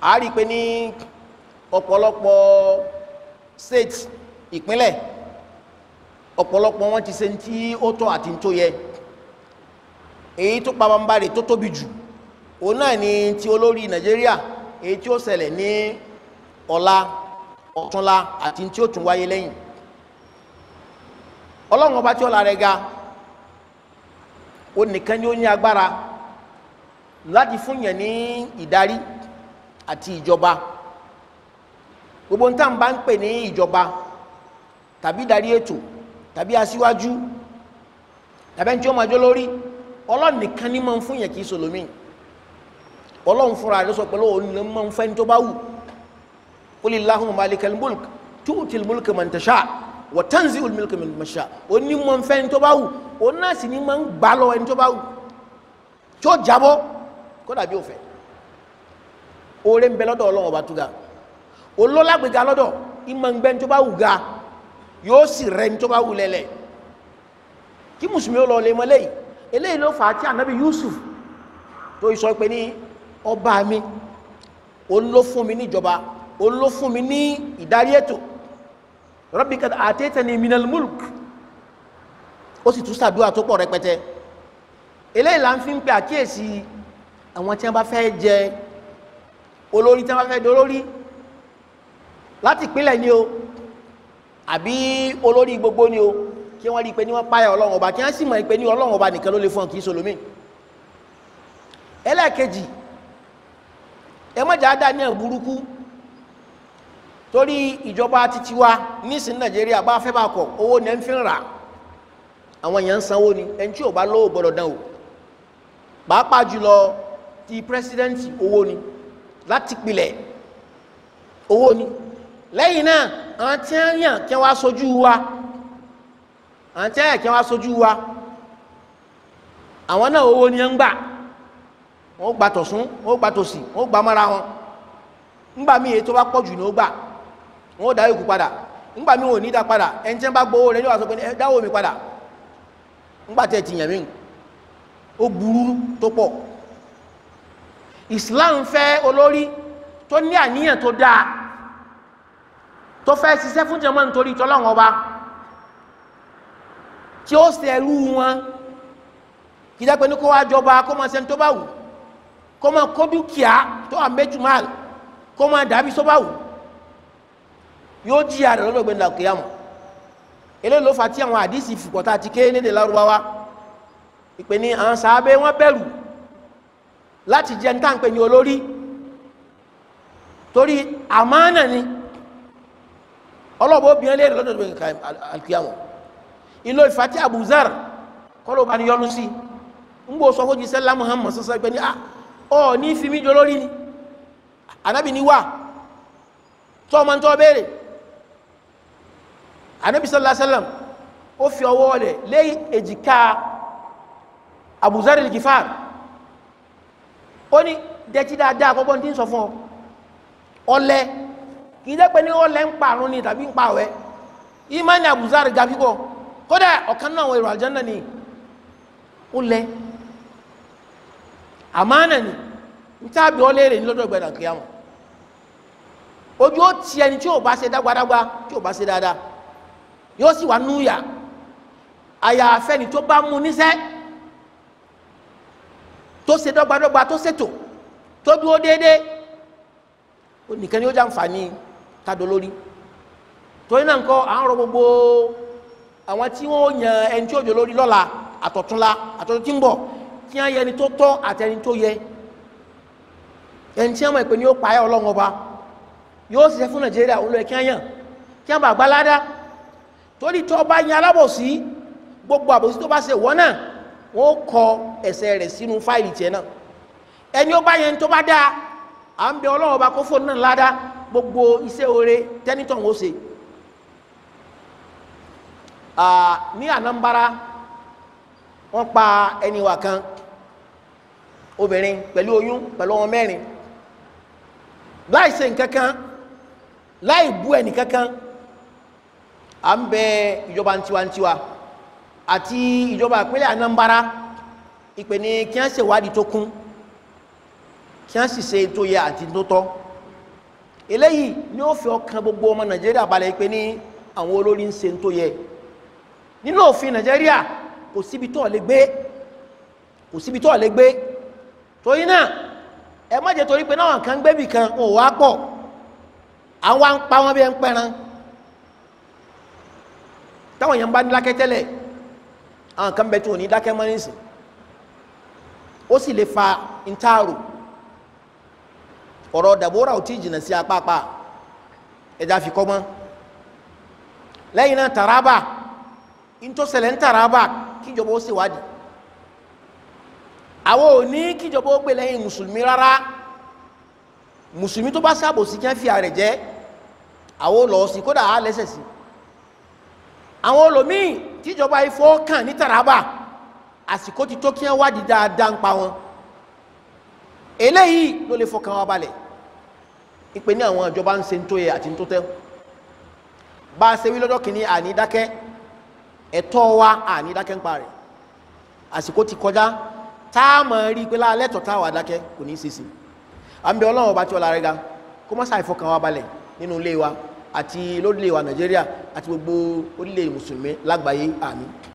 a rí pé ní ọ̀pọ̀lọpọ̀ state ìpínlẹ̀ ọ̀pọ̀lọpọ̀ wọn ti ṣe ń tí ó tọ́ àti tó yẹ èyí tó pabambare tó tóbi jù òun náà ni ti olórí nàìjíríà èyí tí ó ṣẹlẹ̀ ní ọ̀la ọ̀túnla àti tí ó tún wáyé lẹ́yìn ọlọ́run ọba tí àti ìjọba gbogbo ń tàn bá ń pè ní ìjọba tàbí darí ètò tàbí aṣíwájú tàbí ẹni tí ó máa jó lórí ọlọ́run nìkan ni máa ń fún yẹn kì í sòlómìn ọlọ́run fúnra rẹ̀ sọ pẹ̀lú òun ni máa ń fẹ́ni tó bá wù qul illahumma malikal mulk tu'til mulka man tasha' wa tanzi'ul mulka mimman tasha' òun ni máa ń fẹ́ni tó bá wù òun náà sì ni máa ń gbà lọ ẹni tó bá wù tí ó jábọ́ kó dàbí òfẹ́ oore ń bẹ lọ́dọ̀ ọlọ́run ọba tó ga olólàgbèga lọ́dọ̀ ìmọ̀ ń gbẹ́ ní tó bá wù ga yóò sì rẹ̀ ní tó bá wù lẹ́lẹ̀ kí mùsùlùmí ó lọ lè mọ léyìí eléyìí ló fà á tí ànábì Yusuf tó sọ pé ní ọba mi òun mi níjọba òun mi ní ìdarí ètò rabbi kad ataytani minal mulk ó sì tún sàdúrà tó pọ̀ rẹpẹtẹ eléyìí là ń fi ń pe àkíyèsí àwọn tí wọ́n bá fẹ́ jẹ olórí tí wọ́n fẹ́ dolórí láti ìpínlẹ̀ ni o àbí olórí gbogbo ni o kí wọ́n rí i pé ní wọ́n páyà ọlọ́run ọba kí wọ́n sì mọ̀ pé ní ọlọ́run ọba nìkan ló lè fún ọ kì í solomí ẹlẹ́ẹ̀kejì ẹ mọ̀jà á dá ní ẹ̀ burúkú torí ìjọba títí wa nísìn nàìjíríà bá fẹ́ bá kọ̀ owó ní ẹ̀ ń fi rà àwọn èèyàn ń sanwó ni ẹni tí ò bá lówó gbọ́dọ̀ dán o pàápàá jùlọ ti pírẹsidẹ́ǹtì owó ni. láti pilẹ̀ owó ni lẹ́yìn náà àwọn tí wọ́n yàn kí wọ́n aṣojú wa àwọn tí wọ́n yàn kí wọ́n aṣojú wa àwọn náà owó ni ń gbà wọ́n gba tọ̀sún wọ́n gba tòsì wọ́n gba mọ́ra wọn ńgbà míì èyí tó bá jù ní ó gbà wọ́n dá padà ńgbà ò ní dá padà ẹni tí wọ́n bá ní pé ẹ dáwọ́ mi padà ńgbà tẹ̀ ti yàn mí ó Islam fẹ́ olórí tó ní àníyàn tó dáa tó fẹ́ ṣiṣẹ́ fún jẹmọ́ nítorí tọ́lọ́wọ́n ọba tí ó ṣe ẹrú wọn kí dápẹ́ ní kó wá jọba kó máa ṣe ní tó bá wù kó máa kó dúkìá tó wà méjùmáàlì kó máa dàbí sọ́bà wù yóò jìyà rẹ̀ lọ́dọ̀ gbẹ̀ndà kìyàmù eléyìí ló fà tí àwọn àdìsí fìkọ̀tà àti kéé nílẹ̀ lárúbáwá ìpè ní àwọn sàábé wọn bẹ̀rù láti jẹ́ ní táǹpẹ̀ ní olórí torí àmánà ni ọlọ́bọ̀ obìnrin léèrè lọ́dọ̀ tó ń ka alkiyamọ̀ ilé ìfà tí abuzar kọ́lọ̀ bá ní yọnu sí ń gbò sọ fójì sẹ́lá muhammad sọ́sọ́ pé ní à ah, ọ ní fi mí jọ lórí ni anábì ní wà tó ọmọ tó béèrè anábì sọ́lá sẹ́lám ó fi ọwọ́ rẹ̀ lé èjìká abuzar al-gifar ó ní dẹ́tí dáadáa àkọ́kọ́ ní ọ ọlẹ kì í pé ní ọlẹ ń parun ni tàbí ń pàwẹ́ imani abuzar ga pípọ̀ kódà ọ̀kan náà àwọn èrò àjẹ́ńdà ni ó lẹ àmánà ni ń tábì ọlẹ́ rẹ̀ ní lọ́dọ̀ ìgbàdàn kìyàmù ojú ó ti ẹni tí ò bá ṣe tí ò bá ṣe dáadáa yóò sì wá núyà tó bá mú tó ṣe dọ́gbadọ́gba tó ṣètò tó dúró déédéé ó nìkan ni ó jàǹfààní kádó lórí torí náà nǹkan à ń rọ gbogbo àwọn tí wọ́n yan ẹni tí ó jò lórí lọ́la àtọ̀túnla àtọ̀tún tí ń bọ̀ kí wọ́n yẹ ẹni tó tọ́ àti ẹni tó yẹ ẹni tí wọ́n mọ̀ pé ni ó payá ọlọ́run ọba yóò ṣiṣẹ́ fún nàìjíríà òun lọ ẹ̀ kí wọ́n yàn kí wọ́n bá gbá ládá torí tí ọba yan alábòsí gbogbo àbòsí tó bá ṣe wọ́n náà wọ́n kọ ẹ̀ṣẹ̀ rẹ̀ sínú fáìlì tiẹ̀ náà ẹni ó bá yẹn tó bá dáa à ń bẹ ọlọ́run ọba kó fóònù náà ládá gbogbo iṣẹ́ oore tẹ́nitọ̀n ó ṣe ní Anambra wọ́n pa ẹni wà kan obìnrin pẹ̀lú oyún pẹ̀lú ọmọ mẹ́rin láì ṣe nǹkan láì bú ẹnì kankan à ń bẹ ìjọba ntiwantiwa. Tiwa àti ìjọba ìpínlẹ̀ Anambra ìpè ní kí wọ́n ṣèwádìí tó kún kí wọ́n sì ṣe tó yẹ àti tó tọ́ eléyìí ni ó fi ọkàn gbogbo ọmọ Nàìjíríà balẹ̀ ìpè ní àwọn olórí ń ṣe tó yẹ nínú òfin Nàìjíríà kò síbi tó lè gbé kò síbi tó lè gbé torí náà ẹ má jẹ́ torí pé náà kan gbébì kan ò wá pọ̀ àwọn à ń pa wọn bí ẹ ń pẹran táwọn yẹn ń bá ní lákẹ́tẹ́lẹ̀ àwọn kan bẹ tó ní dákẹ́ mọ́ nísìn ó sì lè fa ntaaro ọ̀rọ̀ dàbóra ò tí jìnnà sí apáapá ẹ̀dá fi kọ́ mọ́ lẹ́yìn náà Taraba ntọ́sẹ̀lẹ̀ ń Taraba kíjọba ó ṣèwádìí àwọn ò ní kíjọba ó gbé lẹ́yìn mùsùlùmí rárá mùsùlùmí tó bá sábò sí kí wọ́n fi àrẹ̀ jẹ́ àwọn ò lọ sí kódà á lẹ́sẹ̀ sí i àwọn olòmíì tíjọba ifo kàn ní Taraba àsìkò ti tó kí wọ́n wádìí dáadáa ń pa wọn eléyìí ló lè fọkàn wa balẹ̀ ìpè ní àwọn ìjọba ń ṣe ń tó yẹ àti ń tó tẹ́ bá a ṣe wí lọ́jọ́ kìíní àní dákẹ́ ẹ̀tọ́ wa àní dákẹ́ ń pa rẹ̀ àsìkò ti kọjá tá a mọ̀ rí i pé lálẹ́ tọ̀ tá a wà dákẹ́ kò ní í ṣe sí i àmì ọlọ́run ọba tí ọlá rẹ̀ ga kó má ṣàìfọkàn wa balẹ̀ nínú ilé wa àti lórílẹ̀ wa Nàìjíríà àti gbogbo orílẹ̀ mùsùlùmí lágbàáyé àmín